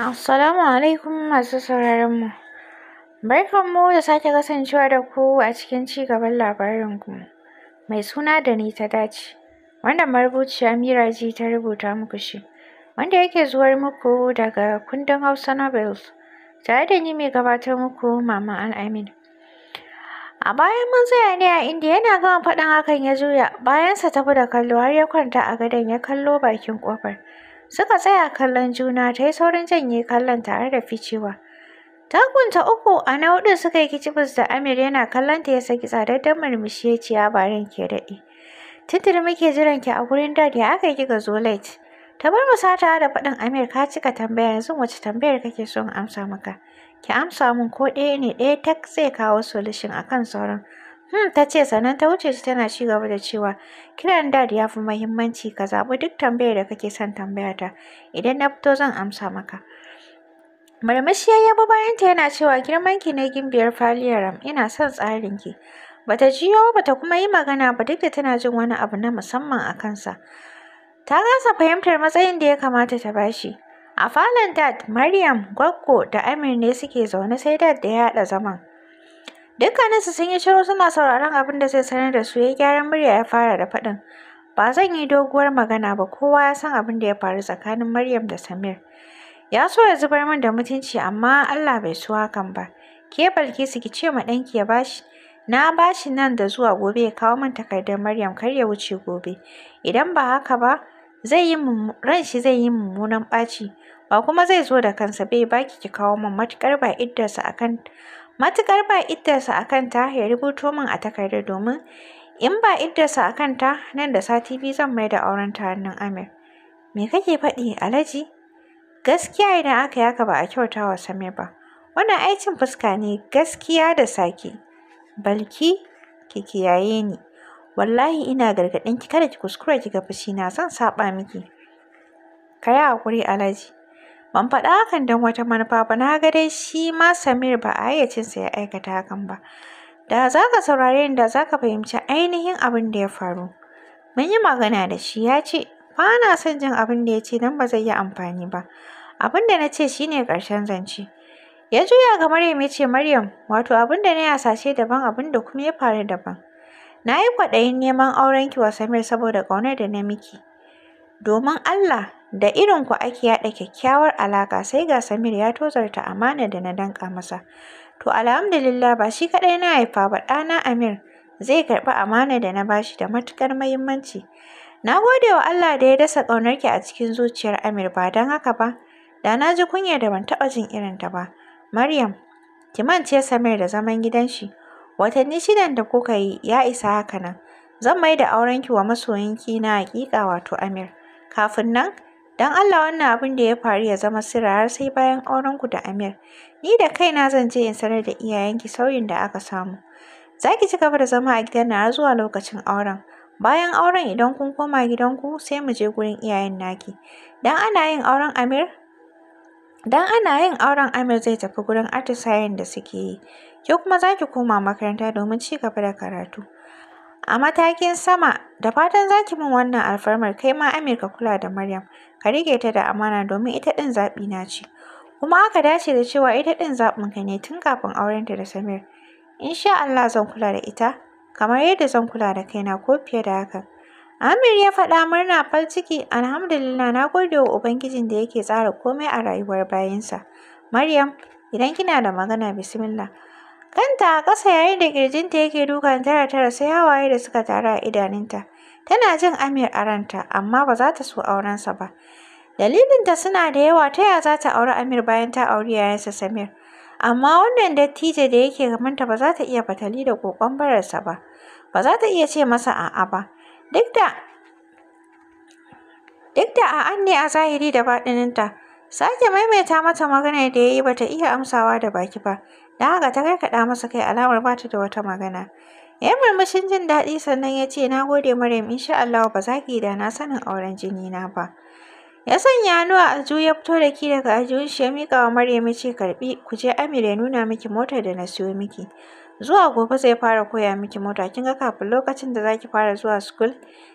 Assalamu alaikum masu sauraron mu. Barkan mu da sake kasancewa da ku a cikin ci gaban labarin ku. Mai suna da ni ta dace. Wanda marubuciya Mira ji ta rubuta muku shi. Wanda yake zuwar muku daga kundin Hausa Novels. Tare da ni mai gabatar muku Mama Al'amin. A bayan mun tsaya ne a inda yana gama faɗin hakan ya juya bayansa tafi da kallo har ya kwanta a gadon ya kallo bakin kofar. Suka tsaya kallon juna ta yi saurin janye kallon tare da ficewa. Takunta uku a na hudu suka yi kicibus da Amir yana kallon ta ya saki tsadaddan murmushi ya ce ya ke daɗe. Tuntuni muke jiran ki a gurin dad ya aka yi ga zo late. Ta bar mu sata da faɗin Amir ka cika tambaya yanzu wace tambayar kake son amsa maka. Ki amsa mun ko ɗaya ne ɗaya tak zai kawo solution akan sauran. Hmm, ta ce sannan ta wuce shi tana ci gaba da cewa kiran dad ya fi muhimmanci ka zaɓi duk tambayar da kake son tambaya ta idan na fito zan amsa maka. Murmushi ya yabo bayanta yana cewa girman ki ne gimbiyar faliyaram ina son tsarin ki. Bata jiyo bata kuma yi magana ba duk da tana jin wani abu na musamman a kansa. Ta gasa fahimtar matsayin da ya kamata ta bashi. A falon dad, Maryam, Gwaggo da Amir ne suke zaune sai dad da ya haɗa zaman. Dukkaninsu sun yi shiru suna sauraron abin da zai sanar da su ya gyaran murya ya fara da faɗin. Ba zan yi doguwar magana ba kowa ya san abin da ya faru tsakanin Maryam da Samir. Ya so ya zubar min da mutunci amma Allah bai so hakan ba. Ke Balkisu ki ce ma ɗanki ya bashi. Na bashi nan da zuwa gobe ya kawo min takardar Maryam kar ya wuce gobe. Idan ba haka ba zai yi ran shi zai yi mummunan ɓaci ba kuma zai zo da kansa bai baki ki kawo min matuƙar ba iddarsa akan Matukar ba iddarsa a kanta ya rubuto min a takarda domin in ba iddarsa a kanta nan da sati biyu zan mai da auren ta hannun Amir. Me kake faɗi alaji? Gaskiya idan aka yi yaka ba a kyauta wa Samir ba. Wannan aikin fuska ne gaskiya da sake. Balki ki kiyaye ni. Wallahi ina gargaɗin ki kada ki kuskura ki ga fushi na zan saɓa miki. Ka yi haƙuri Alhaji. Ban faɗa hakan don wata manufa ba, na ga dai shi ma Samir ba a hayyacinsa ya aikata hakan ba. Da za ka saurare ni da za ka fahimci ainihin abin da ya faru. Mun yi magana da shi ya ce, ba na son jin abin da ya ce don ba zai yi amfani ba. Abin da na ce shi ne ƙarshen zance. Ya juya ga Maryam ya ce, Maryam, wato abin da na yi hasashe daban abin da kuma ya faru daban. Na yi kwaɗayin neman aurenki wa Samir saboda ƙaunar da na miki. domin Allah da irin irinku ake yaɗa kyakkyawar alaƙa sai ga Samir ya tozarta amana da na danƙa masa. To alhamdulillah ba shi kaɗai na haifa ba ɗana Amir zai karɓi amana da na bashi da matuƙar muhimmanci. Na gode wa Allah da ya dasa ƙaunarki a cikin zuciyar Amir ba don haka ba, da na ji kunyar da ban taɓa jin irin ta ba. Maryam, ki mance Samir da zaman gidan shi. Watanni shidan da kuka yi ya isa haka nan. Zan mai da aurenki wa masoyinki na haƙiƙa wato Amir. Kafin nan, don Allah wannan abin da ya faru ya zama sirra har sai bayan aurenku da Amir. Ni da kaina zan je in sanar da iyayenki sauyin da aka samu. Za ki ci gaba da zama a gidan har zuwa lokacin auren. Bayan auren idan kun koma gidanku sai mu je gurin iyayen naki. Dan ana yin auren Amir Dan ana yin auren Amir zai tafi gurin atisayen da suke yi. Ke kuma za ki koma makaranta domin ci gaba da karatu. a matakin sama da fatan za ki min wannan alfarmar kai ma Amir ka kula da Maryam ka rike ta da amana domin ita ɗin zaɓi na ce kuma aka dace da cewa ita ɗin zaɓin ka ne tun kafin aurenta da Samir insha Allah zan kula da ita kamar yadda zan kula da kaina ko fiye da haka Amir ya faɗa murna fal ciki alhamdulillah na gode wa ubangijin da yake tsara komai a rayuwar bayinsa Maryam idan kina da magana bismillah Kanta a ƙasa yayin da ƙirjinta yake dukan tara-tara sai hawaye da suka taru a idaninta. Tana jin Amir a ranta, amma ba za ta so aurensa ba. Dalilinta suna da yawa ta ya za ta auri Amir bayan ta auri yayansa Samir. Amma wannan dattijo da yake gamanta ba za ta iya fatali da ƙoƙon bararsa ba. Ba za ta iya ce masa a'a ba. Duk da Duk da a'a ne a zahiri da baɗininta, Sake maimaita mata magana da yayi bata iya amsawa da baki ba, da haka ta kai karkaɗa masa kai alamar bata da wata magana. Ya yi murmushin jin daɗi sannan ya ce, na gode Maryam, insha Allah ba za ki yi da na sanin auren jini na ba. Ya sanya hannu a aljihu ya fito da ki daga aljihun shi ya miƙa wa Maryam ya ce karɓi ku je Amir ya nuna miki motar da na siyo miki. Zuwa gobe zai fara koya miki mota kin ga kafin lokacin da zaki fara zuwa school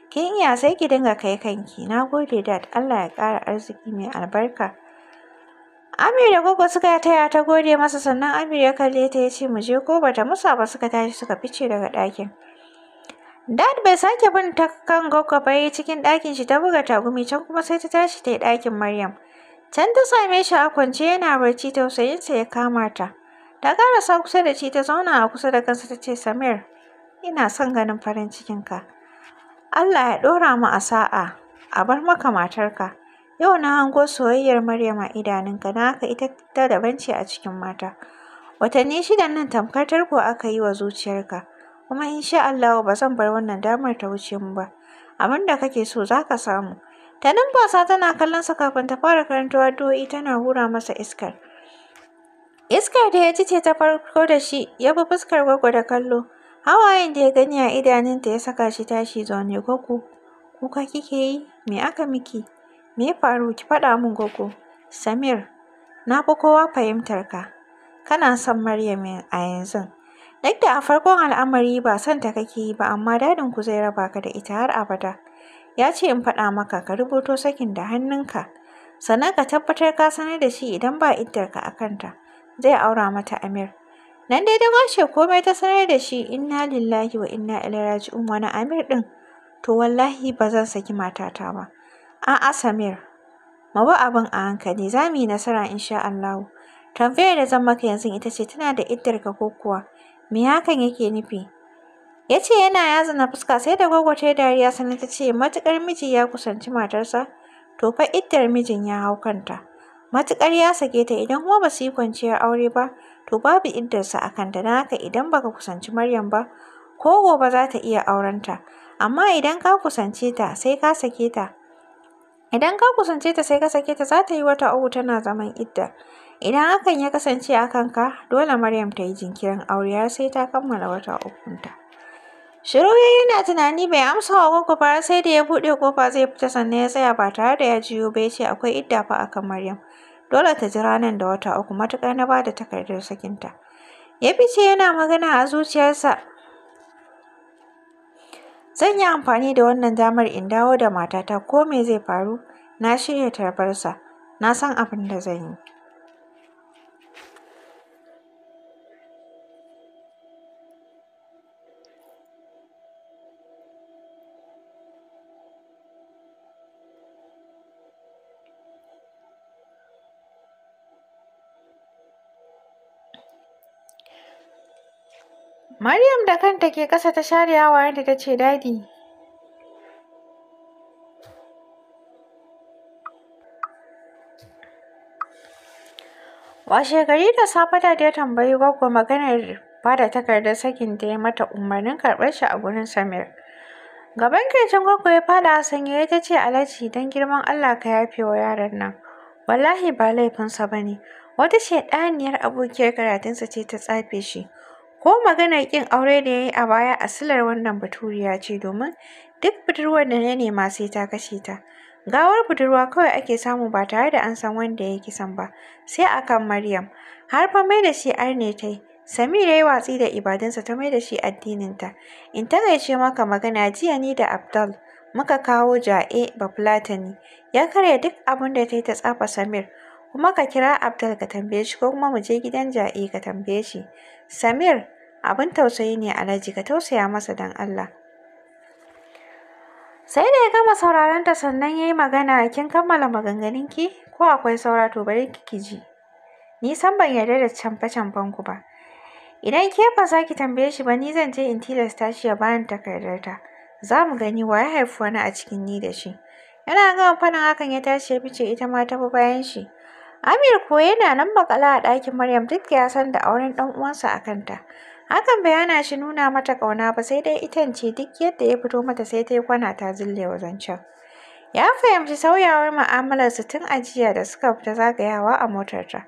kin iya sai ki dinga kai kanki. Nagode dad Allah ya ƙara arziki mai albarka. Ami da Gogo suka taya ta gode masa sannan Amir ya kalle ta ya ce mu je ko bata musa ba suka tashi suka fice daga ɗakin. Dad bai sake bin ta kan Gogo ba cikin ɗakin shi ta buga tagumi can kuma sai ta tashi ta yi ɗakin Maryam. Can ta same shi a kwance yana barci tausayinsa ya kama ta. Ta sa kusa da shi ta zauna a kusa da kansa ta ce Samir ina son ganin farin cikinka. Allah ya ɗora mu a sa'a a bar maka matarka. Yau na hango soyayyar Maryam a idanunka, don haka ita ta daban ce a cikin mata. Watanni shidan nan tamkar tarko aka yi wa zuciyarka, kuma in sha Allahu ba zan bar wannan damar ta wuce mu ba. Abin da kake so za ka samu. Ta tana kallon sa kafin ta fara karanta addu'o'i tana hura masa iskar. Iskar da ya ci ce ta farko da shi ya bi fuskar gwaggo da kallo. Hawayen da ya gani a idanunta ya saka shi tashi zaune gwaggo. Kuka kike yi? Me aka miki? Me ya faru? Ki faɗa min gogo Samir, na fi kowa fahimtar ka. Kana son Maryam a yanzu. Duk da a farkon al'amari ba son ta kake yi ba, amma dadin ku zai raba ka da ita har abada. Ya ce in faɗa maka ka rubuto sakin da hannunka. Sannan ka tabbatar ka sanar da shi idan ba iddarka a kanta. Zai aura mata Amir. Nan dai da kwashe komai ta sanar da shi inna lillahi wa inna ilaihi raji'un wani Amir din. To wallahi ba zan saki matata ba. A'a Samir, mabu abin a hankali, za mu yi nasara insha Allahu. Tambayar da zan maka yanzu ita ce tana da iddarka ko kuwa me hakan yake nufi? Ya ce yana yazana fuska sai da gwaggo dariya sannan ta ce Matukar miji ya kusanci matarsa to fa iddar mijin ya hau kanta. Matuƙar ya sake ta idan kuma ba su yi kwanciyar aure ba to babu iddarsa a kanta don haka idan baka kusanci Maryam ba ko gobe za ta iya aurenta. Amma idan ka kusance ta sai ka sake ta Idan ka kusance ta sai ka sake ta za ta yi wata uku tana zaman idda. Idan hakan ya kasance a kanka, dole Maryam ta yi jinkirin aure har sai ta kammala wata ukunta. Shiru ya yana tunani bai amsa wa koko ba sai da ya buɗe kofa zai fita sannan ya tsaya ba tare da ya jiyo ba ya ce akwai idda fa a kan Maryam. Dole ta jira nan da wata uku matuƙar na ba da takardar sakinta. Ya fice yana magana a zuciyarsa. Zan yi amfani da wannan damar in dawo da matata ko me zai faru, na shirya tarbarsa, na san abin da zan yi. Maryam da kanta ke ƙasa ta share hawayenta ta ce, Dadi, Wa gari da safe da ya tambayi gwaggo maganar ba da takardar sakin da ya mata umarnin karɓar shi a gurin Samir. Gaban kirjin gwaggo ya fada a sanye ya ta ce alaji don girman Allah ka yafe wa yaran nan. Wallahi ba laifinsa ba ne. Wata shaiɗaniyar abokiyar karatunsa ce ta tsafe shi. Ko maganar ƙin aure da ya yi a baya a silar wannan baturiya ce domin duk budurwar da na nema sai ta kashe ta. Gawar budurwa kawai ake samu ba tare da an san wanda ya yi kisan ba, sai akan Maryam. Har fa mai da shi arne ta yi. Samir ya yi watsi da ibadunsa ta mai da shi addininta. In ta gaishe maka magana jiya ni da Abdul muka kawo ja'e Bafulatani. Ya karya duk abin da ta yi ta tsafa Samir. Kuma ka kira Abdul ka tambaye shi ko kuma mu je gidan ja'e ka tambaye shi. Samir abin tausayi ne alhaji ka tausaya masa don allah sai da ya gama sauraron ta sannan ya yi magana kin kammala maganganun ki ko akwai saura to bari kiki ji ni san ban yarda da canfa canfan ku ba idan ke ba za ki tambaye shi ba ni zan je in tilasta shi ya bani takardar ta za mu gani wa ya haifi wani a cikin ni da shi yana gama fanin hakan ya tashi ya fice ita ma ta bayan shi Amir ko yana nan makala a ɗakin Maryam duk da ya san da auren ɗan uwansa a kanta Hakan bayana shi nuna mata ƙauna ba sai dai itan ce duk yadda ya fito mata sai ta yi kwana ta zille wa zancen. Ya fahimci sauyawar mu'amalarsu tun ajiya da suka fita zagayawa a motarta.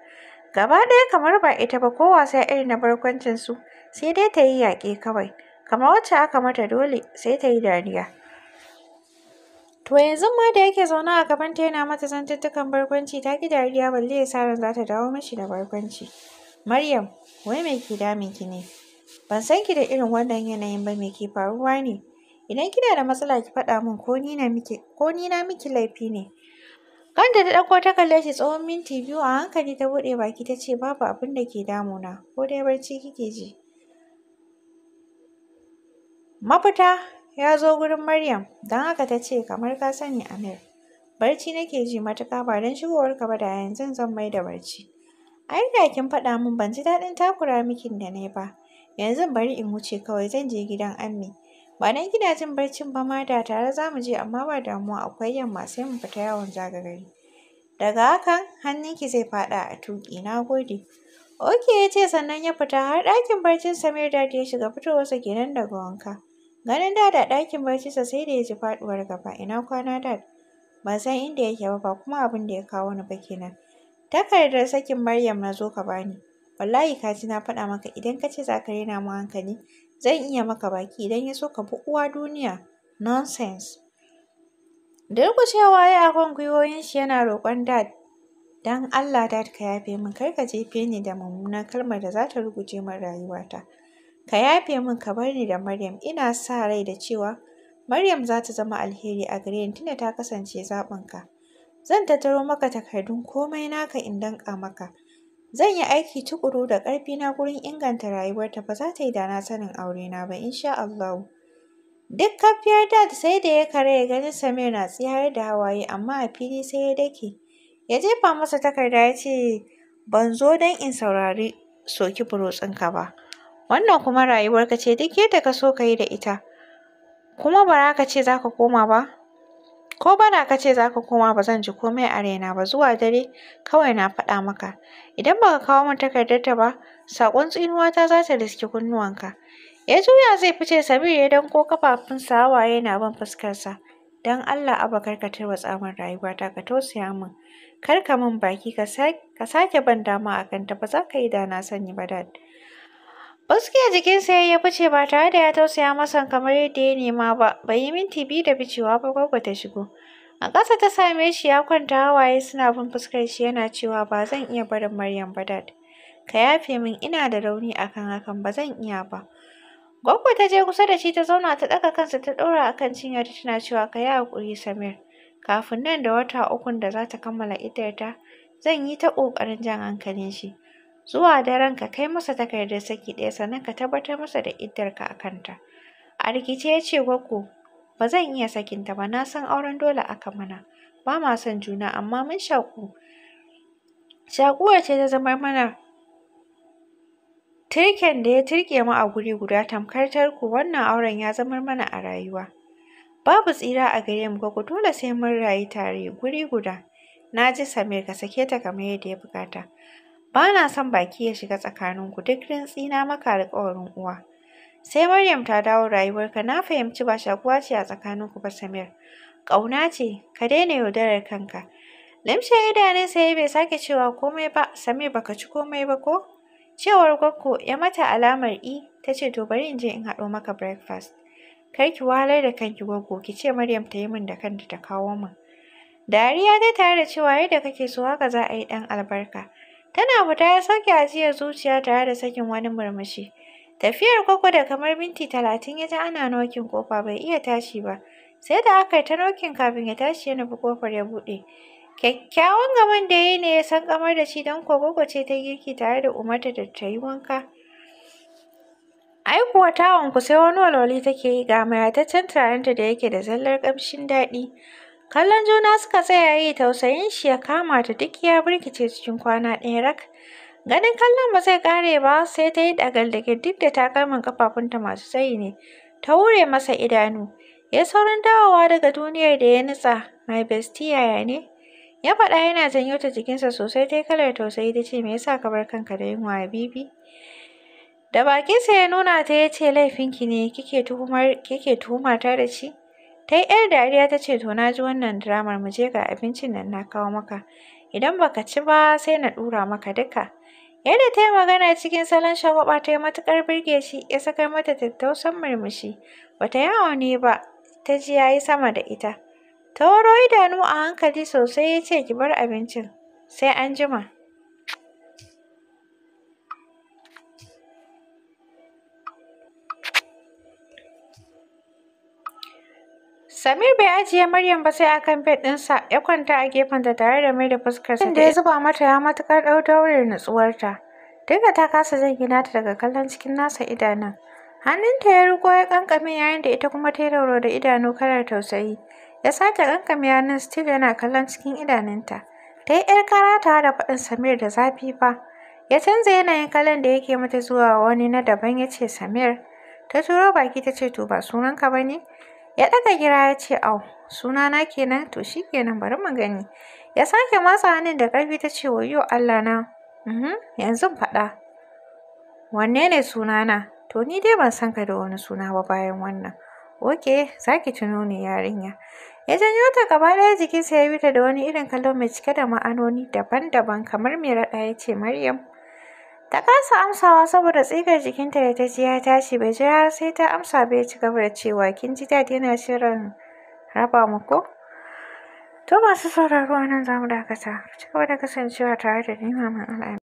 Gaba ɗaya kamar ba ita ba ko wasa irin na barkwancinsu sai dai ta yi yaƙi kawai. Kamar wacce aka mata dole sai ta yi dariya. To yanzu ma da yake zaune a gaban ta yana mata zantuttukan barkwanci ta ƙi dariya balle ya sa ran za ta dawo mashi da barkwanci. Maryam, wai me ke damin ki ne? ban san ki da irin wannan yanayin ba mai ke faruwa ne idan kina da matsala ki faɗa min ko ni na miki laifi ne Kanta ta ɗauko ta kalle shi tsawon minti biyu a hankali ta buɗe baki ta ce babu abin da ke damuna ko dai barci kike ji. Mafita ya zo gurin Maryam don haka ta ce kamar ka sani Amir barci nake ji matuka ba don ka ba da yanzu zan mai da barci. Ai da kin faɗa min ban ji daɗin takura mikin da na yi ba yanzu bari in wuce kawai zan je gidan ammi ba nan gidajen barcin ba ma da tare za mu je amma ba damuwa akwai yamma sai mu fita yawon zagagari daga hakan hannunki zai faɗa a tuƙi na gode Oke ya ce sannan ya fita har ɗakin barcin Samir da ya shiga fitowarsa kenan daga wanka. Ganin da a ɗakin barcinsa sai da ya ji faɗuwar gaba. Ina kwana Dad? Ban san inda yake ba ba kuma abin da ya kawo ni ba kenan. Takardar sakin Maryam na zo ka bani. wallahi ka ji na faɗa maka idan ka ce za ka raina mu hankali zan iya maka baki idan ya so ka bi uwa duniya nonsense durƙushewa ya a kan gwiwoyin shi yana roƙon dad dan Allah dad ka yafe min kar ka jefe ni da mummunan kalmar da za ta ruguje min rayuwata ka yafe min ka bar ni da Maryam ina sa rai da cewa Maryam za ta zama alheri a gare ni tunda ta kasance zaɓinka zan tattaro maka takardun komai naka in danƙa maka Zan yi aiki tuƙuru da na gurin inganta rayuwarta, ba za ta yi da na sanin aurena ba in sha Allahu. Duk kafiyar Dad sai da ya karaya ganin Samir na tsiyar da hawaye amma a fili sai ya dake. Ya jefa masa takarda ya ce, ban zo don in saurari soki burotsinka ba. Wannan kuma rayuwarka ce duk yadda ka so ka yi da ita. Kuma ba za ka ce za ka koma ba? Ko bana ka ce za ka koma ba zan ji komai a raina ba zuwa dare kawai na faɗa maka. Idan baka kawo min takardar ta ba, saƙon tsinuwata za ta riske kunnuwanka. Ya juya zai fice Samir ya danko kafafunsa hawaye na bin fuskarsa. Don Allah kar ka tarwatsa tsamin rayuwata ka tausaya min. Kar ka min baki ka sake ban dama a kanta ba za ka yi da na sani ba dad. Buski jikin jikinsa ya ya fice ba tare da ya tausaya masa kamar yadda ya nema ba, bai yi minti biyu da ficewa ba gwaggo ta shigo. A ƙasa ta same shi ya kwanta hawaye suna bin fuskar shi yana cewa ba zan iya barin Maryam ba dad. Ka yafe min ina da rauni akan hakan ba zan iya ba. Gwaggo ta je kusa da shi ta zauna ta ɗaga kansa ta ɗora a kan cinyarta tana cewa ka yi haƙuri Samir. Kafin nan da wata ukun da za ta kammala iddarta, zan yi ta ƙoƙarin jan hankalin shi. zuwa daren ka kai masa takardar saki ɗaya sannan ka tabbatar masa da iddarka a kanta. A rikice ya ce gwaggo ba zan iya sakinta ba na san auren dole aka mana ba ma son juna amma mun shaƙu. shakuwar ce ta zama mana tirken da ya tirke mu a guri guda tamkar tarko wannan auren ya zamar mana a rayuwa. Babu tsira a gare mu gwaggo dole sai mun rayu tare guri guda. Na ji Samir ka sake ta kamar yadda ya buƙata. Ba na son baki ya shiga tsakaninku duk rintsina maka alƙawarin uwa. Sai Maryam ta dawo rayuwarka na fahimci ba shakuwa ce a tsakaninku ba Samir. Ƙauna ce, ka daina yaudarar kanka. Limshe idanunsa ya bai sake cewa komai ba, Samir baka ci komai ba ko? Cewar Gwaggo ya mata alamar i e, ta ce to bari in je in haɗo maka breakfast. Kar ki wahalar da kanki Gwaggo, ki ce Maryam ta yi min da kanta ta kawo min. Dariya dai tare da cewa yadda kake so haka za a yi ɗan albarka. Tana fita ya sauke ajiyar zuciya tare da sakin wani murmushi. Tafiyar Gwaggo da kamar minti talatin ya ji ana nokin ƙofa bai iya tashi ba. Sai da aka yi ta nokin kafin ya tashi ya nufi ƙofar ya buɗe. Kyakkyawan gaban da ya yi ne ya san kamar da shi don kuwa ce ta yi girki tare da umarta da ta yi wanka. Ai kuwa ku sai wani walwali take yi ga mayataccen turarenta da yake da zallar ƙamshin daɗi. Kallon juna suka tsaya yi tausayin shi ya kama ta duk ya birkice cikin kwana ɗaya rak. Ganin kallon ba zai kare ba sai ta yi ɗagal da duk da takalman ƙafafunta masu tsayi ne. Ta wure masa idanu. Ya sauran dawowa daga duniyar da ya nutsa. mai bestie ya ne? Ya faɗa yana janyo ta jikinsa sosai ta yi kalar tausayi ta ce me yasa ka bar kanka da yunwa bibi? Da bakinsa ya nuna ta ya ce laifinki ne kike tuhumar kike tuhumata da shi? Ta yi ‘yar dariya ta ce, To na ji wannan diramar mu je ga abincin nan na kawo maka. Idan baka ci ba sai na ɗura maka duka. Yadda ta yi magana cikin salon shagwaba ta yi matuƙar birge shi ya sakar mata tattausan murmushi. Bata yi ne ba, ta ji ya yi sama da ita. Ta waro idanu a hankali sosai ya ce, Ki bar abincin, sai an jima. Samir bai ajiye Maryam ba sai akan bed ɗinsa ya kwanta a gefen da tare da mai da fuskarsa da ya zuba mata ya matuƙar ɗau daurin nutsuwarta. Dinga ta kasa gina ta daga kallon cikin nasa idanun. Hannunta ya riko ya kankame yayin da ita kuma ta yi rauro da idanu kalar tausayi. Ya sake kankame hannun Steve yana kallon cikin idanunta. Ta yi ƴar kara tare da faɗin Samir da zafi fa. Ya canza yanayin kallon da yake mata zuwa wani na daban ya ce Samir. Ta turo baki ta ce to ba sunanka ba ne? Ya ɗaga gira ya ce au, sunana kenan to shi kenan bari mu gani. Ya sake matsa hannun da ƙarfi ta ce wa wayyo Allah na, mhm, yanzu faɗa. Wanne ne sunana? To ni dai ban san ka da wani suna ba bayan wannan. Oke, za ki tuno ni yarinya. Ya janyo ta gaba ɗaya jikinsa ya bi ta da wani irin kallo mai cike da ma'anoni daban-daban kamar mai raɗa ya ce Maryam. Ta kasa amsawa saboda tsigar jikinta da ta ji ya tashi bai ji har sai ta amsa bai ci gaba da cewa kin ji daɗi yana shirin raba mu ko? To masu sauraro a nan za mu dakata. Ci gaba da kasancewa tare da ni Maman